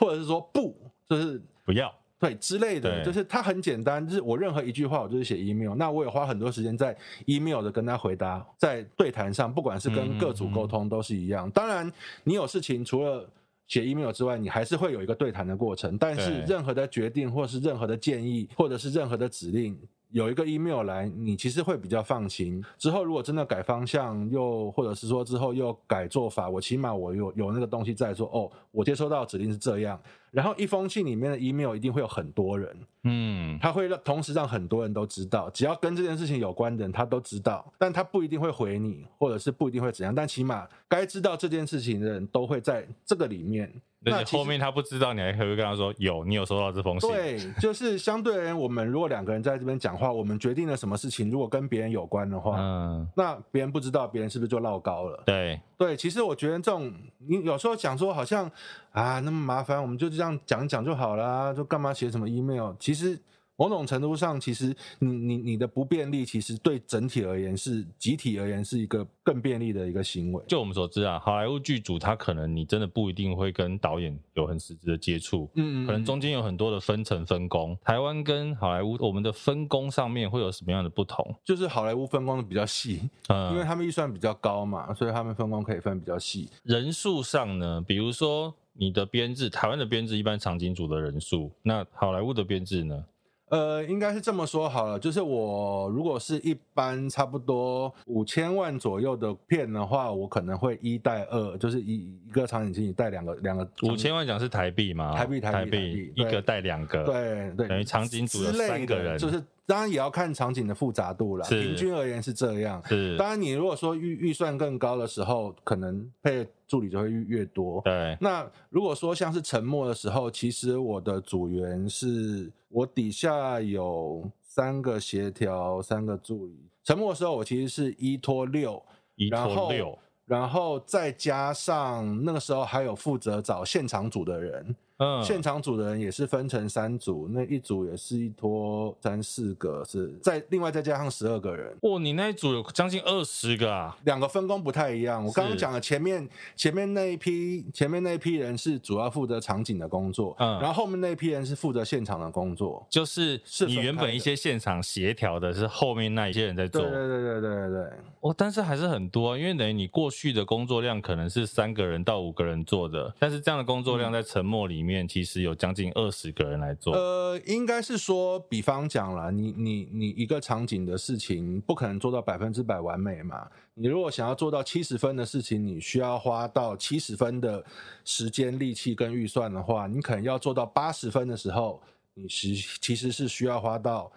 S2: 或者是說“不”，就是不要對之類的，對就是他很簡單。就是我任何一句話，我就是寫 email。那我也花很多時間在 email 的跟他回答，在對談上，不管是跟各組溝通都是一樣。當然，你有事情除了寫 email 之外，你還是會有一個對談的過程。但是任何的決定，或是任何的建議，或者是任何的指令。有一個 email 來，你其實會比較放心。之後如果真的改方向又、又或者是說之後又改做法，我起碼我有有那個東西在，說哦，我接收到指令是這樣。然後一封信裡面的 email 一定會有很多人，嗯，他會讓同時讓很多人都知道，只要跟這件事情有關的人他都知道，但他不一定會回你，或者是不一定會怎樣，但起碼該知道這件事情的人都會在這個裡面。而且
S1: 那你後面他不知道，你還可,可以跟他說有，你有收到這封信。對，
S2: 就是相對我們如果兩個人在這邊講話，我們決定了什麼事情，如果跟別人有關的話，嗯，那別人不知道，別人是不是就落勾了？對。對，其實我覺得這種，你有時候講說好像啊那麼麻煩，我們就這樣講一講就好啦，就幹嘛寫什麼 email，其實。某種程度上，其實你你你的不便利，其實對整體而言是集體而言是一個更便利的一個行為。
S1: 就我們所知啊，好萊塢劇組他可能你真的不一定會跟導演有很實質的接觸，嗯，嗯，嗯，可能中間有很多的分層分工。台灣跟好萊塢我們的分工上面會有什麼樣的不同？就
S2: 是好萊塢分
S1: 工比較細，
S2: 嗯，因為他們預算比較高嘛，所以他們分工可以分比較細。
S1: 人數上呢，比如說你的編制，台灣的編制一般場景組的人數，那好萊塢的編制呢？
S2: 呃，應該是這麼說好了，就是我如果是一般差不多五千萬左右的片的話，我可能會一帶二，就是一一個場景經理帶兩個兩個。個，五千
S1: 萬講是台幣嘛，台幣台幣台幣，對，一個帶
S2: 兩個，對對，對，等於場景組有三個人，就是。當然也要看場景的複雜度啦。是平均而言是這樣。是，當然你如果說預預算更高的時候，可能配助理就會越越多。對。那如果說像是沉默的時候，其實我的組員是我底下有三個協調，三個助理。沉默的時候，我其實是一拖六，一拖六然後，然後再加上那個時候還有負責找現場組的人。嗯，現場組的人也是分成三組，那一組也是一拖三四個，是再另外再加上十二個人。
S1: 哦，你那一組有將近二十個啊！
S2: 兩個分工不太一樣。我剛剛講的前面前面那一批，前面那一批人是主要負責場景的工作，嗯，然後後面那一批人是負責現場的工作，
S1: 就是你原本一些現場協調的是後面那一些人在做。對
S2: 對對對對對對。
S1: 哦，但是還是很多啊，因為等於你過去的工作量可能是三個人到五個人做的，但是這樣的工作量在沉默裡面。嗯面其實有將近二十個人來做。呃，
S2: 應該是說，比方講啦，你你你一個場景的事情，不可能做到百分之百完美嘛。你如果想要做到七十分的事情，你需要花到七十分的時間、力氣跟預算的話，你可能要做到八十分的時候，你實其實是需要花到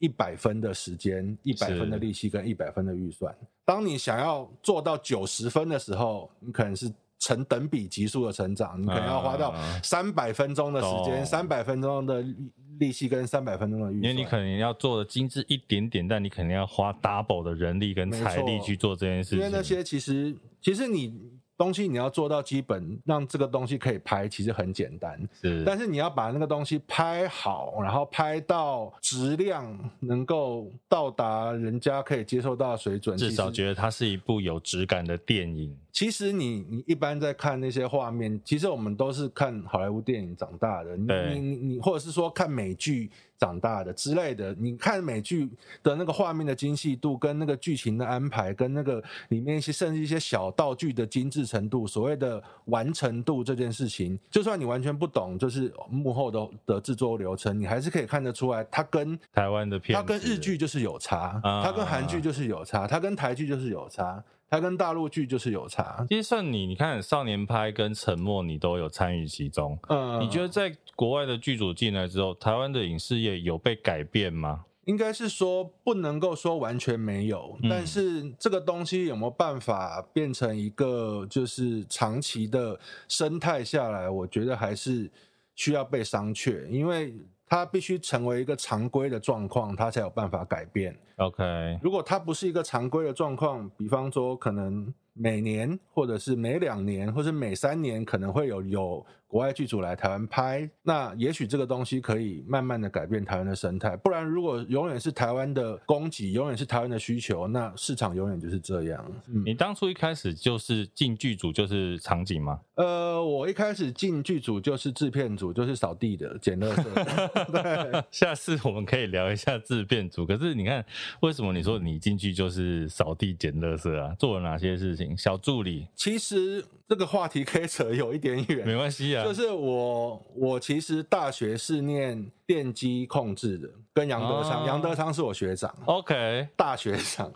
S2: 一百分的時間、一百分的力氣跟一百分的預算。是當你想要做到九十分的時候，你可能是。成等比級數的成長，你可能要花到三百分鐘的時間，三百、嗯、分鐘的利息跟三百分鐘的預算，因為你
S1: 可能要做的精致一點點，但你肯定要花 double 的人力跟財力去做這件事情。因為那
S2: 些其實，其實你東西你要做到基本讓這個東西可以拍，其實很簡單。是，但是你要把那個東西拍好，然後拍到質量能夠到達人家可以接受到的水準，至少
S1: 覺得它是一部有質感的電影。
S2: 其實你你一般在看那些畫面，其實我們都是看好萊塢電影長大的，對你你你或者是說看美劇長大的之類的。你看美劇的那個畫面的精細度，跟那個劇情的安排，跟那個裡面一些甚至一些小道具的精致程度，所謂的完成度這件事情，就算你完全不懂，就是幕後的的制作流程，你還是可以看得出來，它跟台灣的片，它跟日劇就是有差，嗯、它跟韓劇就是有差，它跟台劇就是有差。它跟大陸劇就是有差。
S1: 其實你，你看《少年派》跟《沉默》，你都有參與其中。嗯，你覺得在國外的劇組進來之後，台灣的影視業有被改變嗎？
S2: 應該是說不能夠說完全沒有，嗯、但是這個東西有沒有辦法變成一個就是長期的生態下來？我覺得還是需要被商榷，因為。它必須成為一個常規的狀況，它才有辦法改變。OK，如果它不是一個常規的狀況，比方說可能。每年，或者是每兩年，或是每三年，可能會有有國外劇組來台灣拍。那也許這個東西可以慢慢的改變台灣的生態。不然，如果永遠是台灣的供給，永遠是台灣的需求，那市場永遠就是這樣。
S1: 嗯。你當初一開始就是進劇組就是場景嗎？
S2: 呃，我一開始進劇組就是制片組，就是掃地的、撿垃圾
S1: 的。 對， 下次我們可以聊一下制片組。可是你看，為什麼你說你進去就是掃地、撿垃圾啊？做了哪些事情？小助理，
S2: 其實這個話題可以扯有一點遠，沒關係啊。就是我，我其實大學是念電機控制的，跟楊德昌，哦，楊德昌是我學長，OK，大學長。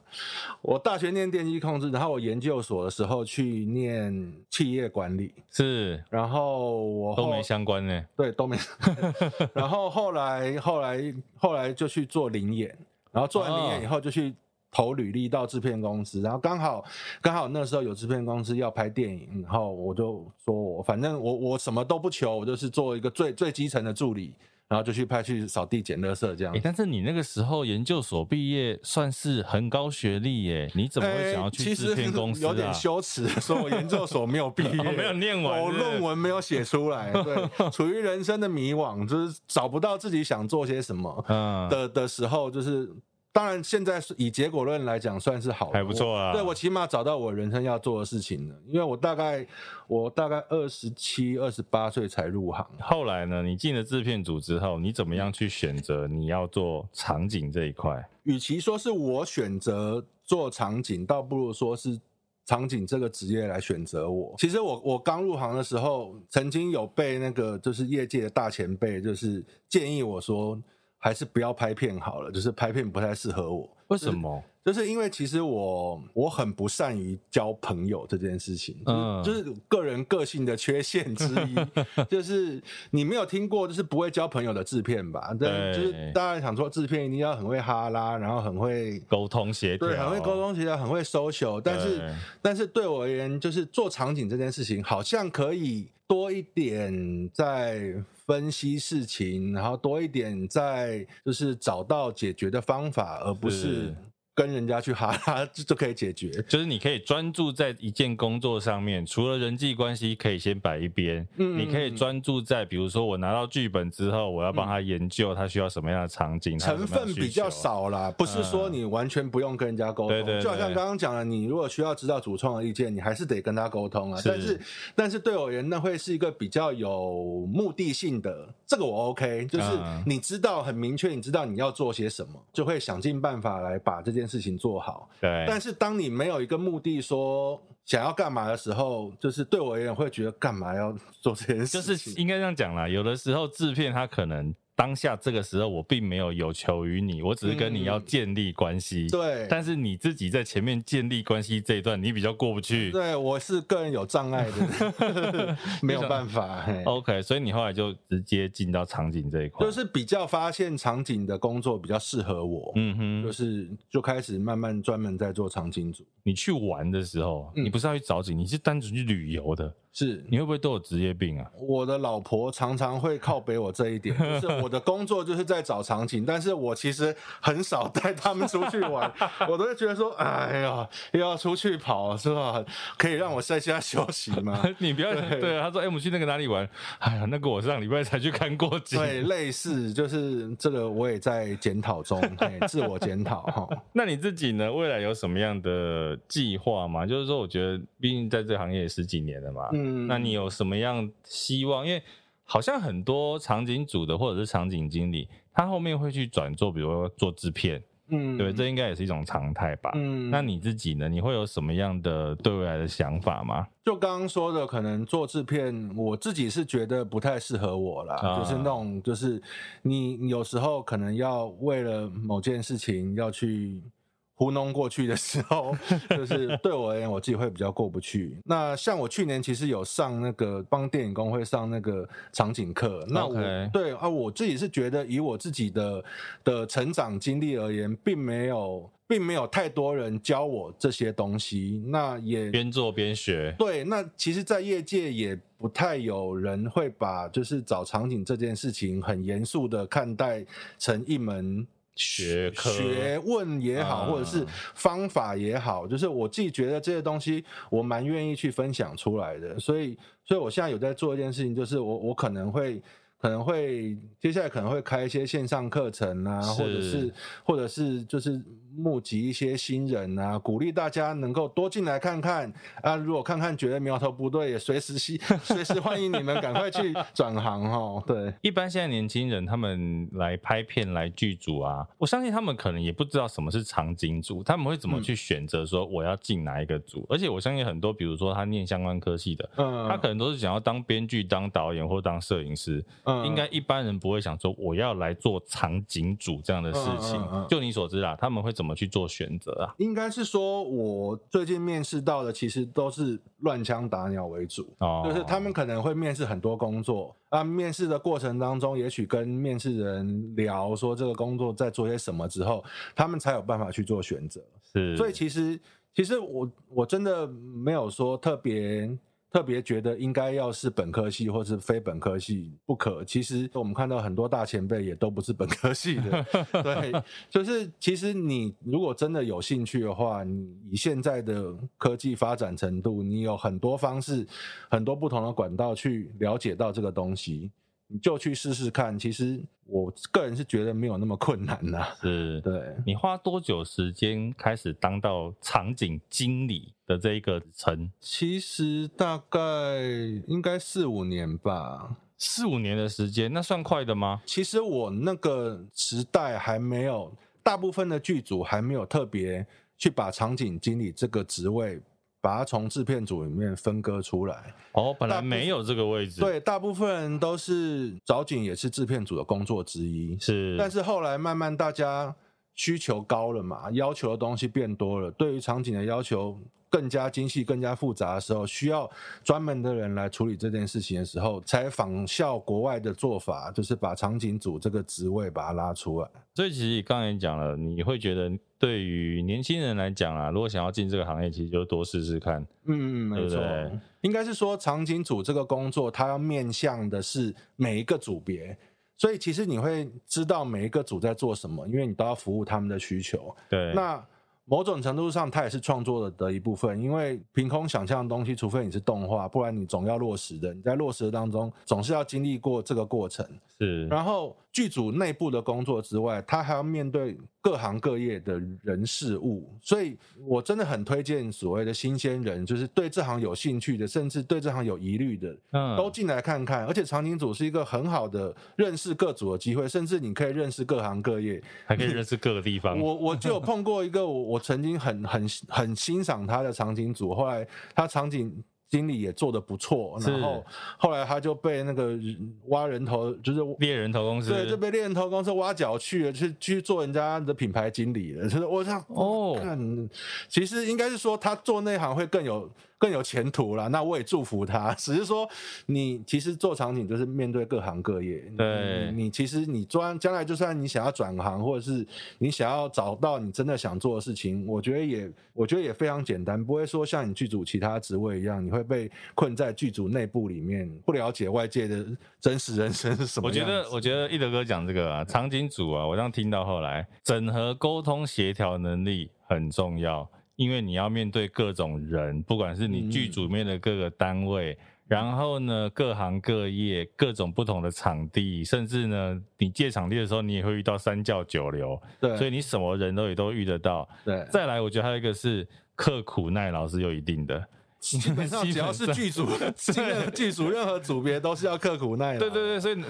S2: 我大學念電機控制，然後我研究所的時候去念企業管理，是，然後我後都沒相關呢，對，都沒相關。 然後後來，後來，後來就去做臨演，然後做完臨演以後就去，哦投履歷到制片公司，然後剛好剛好那時候有制片公司要拍電影，然後我就說我反正我我什麼都不求，我就是做一個最最基層的助理，然後就去拍去掃地撿垃圾這樣、欸。
S1: 但是你那個時候研究所畢業，算是很高學歷耶，你怎麼會想要去制片公司、啊？欸、有點羞恥，說我研究所沒有畢業、 哦，沒有念完是不是，我論文沒有寫出來，對，
S2: 處於人生的迷惘，就是找不到自己想做些什麼的、嗯、的時候，就是。當然，現在是以結果論來講，算是好，還不錯啊。對，我起碼找到我人生要做的事情了，因為我大概我大概二十七、二十八歲才入行啊。後來呢，你進了制片組之
S1: 後，你怎麼樣去選擇你要做場景這一塊？
S2: 嗯，與其說是我選擇做場景，倒不如說是場景這個職業來選擇我。其實我我剛入行的時候，曾經有被那個就是業界的大前輩，就是建議我說。還是不要拍片好了，就是拍片不太適合我。為什麼？就是就是因為其實我我很不善於交朋友這件事情，就是、嗯，就是個人個性的缺陷之一。 就是你沒有聽過，就是不會交朋友的制片吧？對，對就是大家想說制片一定要很會哈拉，然後很會溝通
S1: 協調，對，很會溝
S2: 通協調，很會 social。但是對 但是對我而言，就是做場景這件事情，好像可以多一點在分析事情，然後多一點在就是找到解決的方法，而不是。跟人家去哈，哈，就就可以解決。就
S1: 是你可以專注在一件工作上面，除了人際關係可以先擺一邊，嗯嗯，你可以專注在，比如說我拿到劇本之後，我要幫他研究他需要什麼樣的場景，嗯、成分比較
S2: 少啦，不是說你完全不用跟人家溝通。嗯、對對，對，就好像剛剛講了，你如果需要知道主創的意見，你還是得跟他溝通啊。是但是，但是對我而言，那會是一個比較有目的性的，這個我 OK，就是你知道、嗯、很明確，你知道你要做些什麼，就會想盡辦法來把這件。事情做好，對。但是當你沒有一個目的，說想要幹嘛的時候，就是對我而言會覺得幹嘛要
S1: 做這件事情？就是應該這樣講啦。有的時候製片他可能。當下這個時候，我並沒有有求於你，我只是跟你要建立關係。嗯、對，但是你自己在前面建立關係這一段，你比較過不去。
S2: 對，我是個人有障礙的， 沒有辦法。你想、
S1: 嘿，OK，所以你後來就直接進到場景這一
S2: 塊，就是比較發現場景的工作比較適合我。嗯哼，就是就開始慢慢專門在做場景組。你去玩的時候，
S1: 嗯、你不是要去找景，你是單純去旅遊的。是，你會不會都有職業病啊？
S2: 我的老婆常常會靠北我這一點，就是我的工作就是在找場景， 但是我其實很少帶他們出去玩， 我都會覺得說，哎呀，又要出去跑是吧？可以讓我在家休息嗎？
S1: 你不要對，對他說，哎、欸，我們去那個哪裡玩？哎呀，那個我上禮拜才去看過景。對，類
S2: 似，就是這個我也在檢討中，對，自我檢討哈。
S1: 那你自己呢？未來有什麼樣的計劃嗎？就是說，我覺得畢竟在這行業十幾年了嘛。嗯，那你有什麼樣希望？因為好像很多場景組的或者是場景經理，他後面會去轉做，比如說做製片，嗯，對，這應該也是一種常態吧。嗯，那你自己呢？你會有什麼樣的對未來的想法嗎？
S2: 就剛剛說的，可能做製片，我自己是覺得不太適合我啦，嗯，就是那種，就是你有時候可能要為了某件事情要去。糊弄過去的時候，就是對我而言，我自己會比較過不去。 那像我去年其實有上那個幫電影工會上那個場景課，Okay. 那我對啊，我自己是覺得以我自己的的成長經歷而言，並沒有並沒有太多人教我這些東西。那也
S1: 邊做邊學，
S2: 對。那其實，在業界也不太有人會把就是找場景這件事情很嚴肅的看待成一門學科、學問也好，啊、或者是方法也好，就是我自己覺得這些東西，我蠻願意去分享出來的。所以，所以我現在有在做一件事情，就是我我可能會。可能會接下來可能會開一些線上課程啊，是或者是或者是就是募集一些新人啊，鼓勵大家能夠多進來看看啊。如果看看覺得苗頭不對，也隨時隨時歡迎你們趕快去
S1: 轉行哈、哦。對，一般現在年輕人他們來拍片來劇組啊，我相信他們可能也不知道什麼是場景組，他們會怎麼去選擇說我要進哪一個組？嗯、而且我相信很多，比如說他念相關科系的，他可能都是想要當編劇、當導演或當攝影師。嗯、應該一般人不會想說我要來做場景組這樣的事情、嗯。嗯嗯嗯、就你所知啊，他們會怎麼去做選擇
S2: 啊？應該是說，我最近面試到的其實都是亂槍打鳥為主，哦、就是他們可能會面試很多工作啊。面試的過程當中，也許跟面試人聊說這個工作在做些什麼之後，他們才有辦法去做選擇。是，所以其實其實我我真的沒有說特別。特別覺得應該要是本科系或是非本科系不可。其實我們看到很多大前輩也都不是本科系的。 對，就是其實你如果真的有興趣的話，你以現在的科技發展程度，你有很多方式、很多不同的管道去了解到這個東西。你就去試試看，其實我個人是覺得沒有那麼困難的，啊、
S1: 是，對。你花多久時間開始當到場景經理的這一個層？
S2: 其實大概應該四五年吧。四五年的時間，那算快的嗎？其實我那個時代還沒有，大部分的劇組還沒有特別去把場景經理這個職位。把它從製片組裡面分割出來。哦，本來沒有這個位置。對，大部分人都是找景，也是製片組的工作之一。是，但是後來慢慢大家。需求高了嘛，要求的東西變多了，對於場景的要求更加精細、更加複雜的時候，需要專門的人來處理這件事情的時候，才仿效國外的做法，就是把場景組這個職位把它拉出來。
S1: 所以其實你剛才講了，你會覺得對於年輕人來講啊，如果想要進這個行業，其實就多試試看。
S2: 嗯，沒錯，對對，應該是說場景組這個工作，它要面向的是每一個組別。所以其實你會知道每一個組在做什麼，因為你都要服務他們的需求。對，那某種程度上，它也是創作的的一部分，因為憑空想象的東西，除非你是動畫，不然你總要落實的。你在落實的當中，總是要經歷過這個過程。是，然後劇組內部的工作之外，它還要面對。各行各業的人事物，所以我真的很推薦所謂的新鮮人，就是對這行有興趣的，甚至對這行有疑慮的，嗯、都進來看看。而且場景組是一個很好的認識各組的機會，甚至你可以認識各行各業，還可以
S1: 認識各個地方。 我
S2: 我就有碰過一個我，我我曾經很很很欣賞他的場景組，後來他場景。經理也做得不錯，是然後後來他就被那個人挖人頭，就是獵人頭公司，對，就被獵人頭公司挖角去了，去去做人家的品牌經理了。就是我想，哦，哦，其實應該是說他做那行會更有。更有前途啦。那我也祝福他。只是說，你其實做場景就是面對各行各業。對，你其實你專將來就算你想要轉行，或者是你想要找到你真的想做的事情，我覺得也我覺得也非常簡單，不會說像你劇組其他職位一樣，你會被困在劇組內部裡面，不了解外界的真實人生是什麼樣。我覺得，我覺得一德哥
S1: 講這個啊，場景組啊，我剛聽到後來，整合溝通協調能力很重要，因為你要面對各種人，不管是你劇組面的各個單位，嗯、然後呢，各行各業、各種不同的場地，甚至呢，你借場地的時候，你也會遇到三教九流。對，所以你什麼人都也都遇得到。對，再來，我覺得還有一個是刻苦耐勞是有一定的。基本
S2: 上只要是劇組，劇對組，任何組別都是要刻苦耐勞。對對
S1: 對，所以為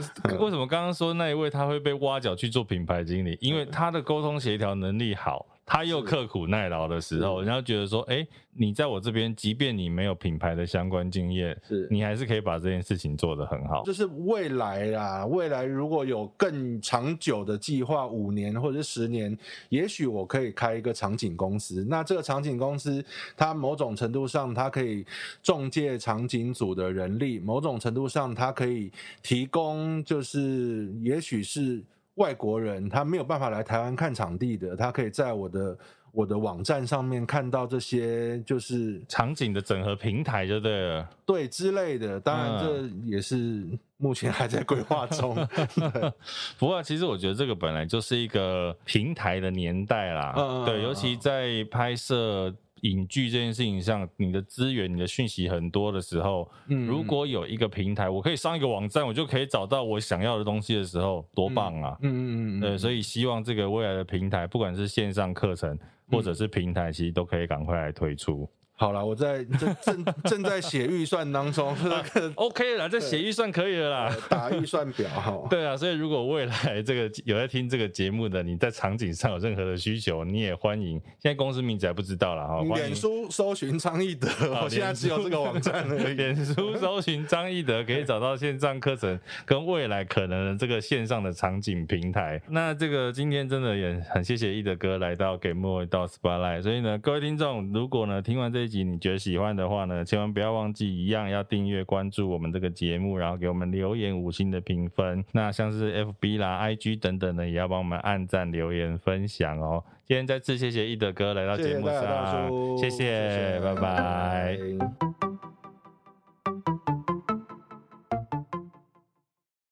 S1: 什麼剛剛說那一位他會被挖角去做品牌經理？對因為他的溝通協調能力好。他又刻苦耐勞的時候，然後覺得說：“欸，你在我這邊，即便你沒有品牌的相關經驗，是你還是可以把這件事情做得很好。”就
S2: 是未來啦，未來如果有更長久的計劃，五年或者是十年，也許我可以開一個場景公司。那這個場景公司，它某種程度上它可以中介場景組的人力，某種程度上它可以提供，就是也許是。外國人他沒有辦法來台灣看場地的，他可以在我的我的網站上面看到這些就是場景的整合平台就對了，對之類的。當然這也是目前還在規劃中。嗯、 對不
S1: 過、啊、其實我覺得這個本來就是一個平台的年代啦，啊啊啊啊啊對，尤其在拍攝。影劇這件事情上，你的資源、你的訊息很多的時候，如果有一個平台，我可以上一個網站，我就可以找到我想要的東西的時候，多棒啊！嗯嗯嗯，所以希望這個未來的平台，不管是線上課程或者是平台，其實都可以趕快來推出。好了，我在
S2: 正正正在寫預算當中、 啊、可，OK 了，這寫預算可以了啦，打預算表對啊，所以如果未來
S1: 這個有在聽這個節目的，你在場景上有任何的需求，你也歡迎。現在公司名字還不知道了哈，臉
S2: 書搜尋張一德，喔，我現在只有這個網
S1: 站。臉 書搜尋張一德，可以找到線上課程跟未來可能的這個線上的場景平台。 那這個今天真的也很謝謝一德哥來到給幕後一道 18Light。所以呢，各位聽眾，如果呢聽完這，你覺得喜歡的話呢，千萬不要忘記一樣要訂閱關注我們這個節目，然後給我們留言五星的評分。那像是 FB 啦、IG 等等呢，也要幫我們按贊、留言、分享哦，、喔。今天再次謝謝一德哥來到節目上，謝謝，謝謝，謝謝拜拜。拜拜。